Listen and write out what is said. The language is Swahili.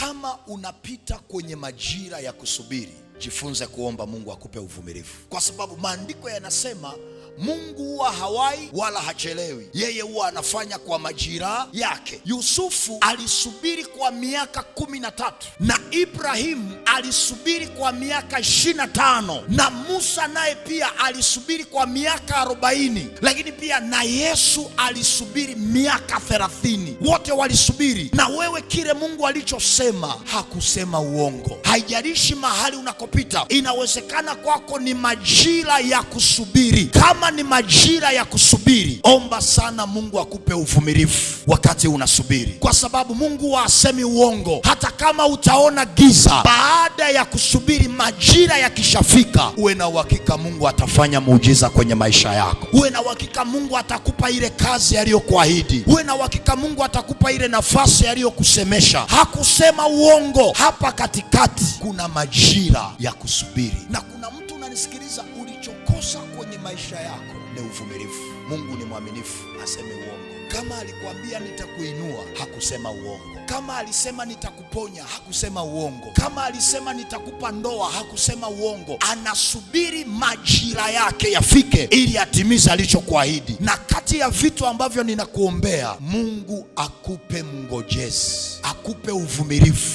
Kama unapita kwenye majira ya kusubiri jifunze kuomba Mungu akupe uvumilivu, kwa sababu maandiko yanasema Mungu huwa hawai wala hachelewi, yeye huwa anafanya kwa majira yake. Yusufu alisubiri kwa miaka kumi na tatu na Ibrahimu alisubiri kwa miaka ishirini na tano na Musa naye pia alisubiri kwa miaka arobaini lakini pia na Yesu alisubiri miaka thelathini Wote walisubiri, na wewe kile Mungu alichosema hakusema uongo. Haijalishi mahali unako kupita. Inawezekana kwako ni majira ya kusubiri. Kama ni majira ya kusubiri, omba sana Mungu akupe uvumilivu wakati unasubiri, kwa sababu Mungu hasemi uongo. Hata kama utaona giza, baada ya kusubiri, majira yakishafika, uwe na uhakika Mungu atafanya muujiza kwenye maisha yako. Uwe na uhakika Mungu atakupa ile kazi aliyokuahidi. Uwe na uhakika Mungu atakupa ile nafasi aliyokusemesha. Hakusema uongo. Hapa katikati kuna majira ya kusubiri. Na kuna mtu unanisikiliza, ulichokosa kwenye maisha yako ni uvumilivu. Mungu ni mwaminifu, aseme uongo. Kama alikwambia nitakuinua, hakusema uongo. Kama alisema nitakuponya, hakusema uongo. Kama alisema nitakupa ndoa, hakusema uongo. Anasubiri majira yake yafike ili atimize alichokuahidi. Na kati ya vitu ambavyo ninakuombea, Mungu akupe mngojezi, akupe uvumilivu.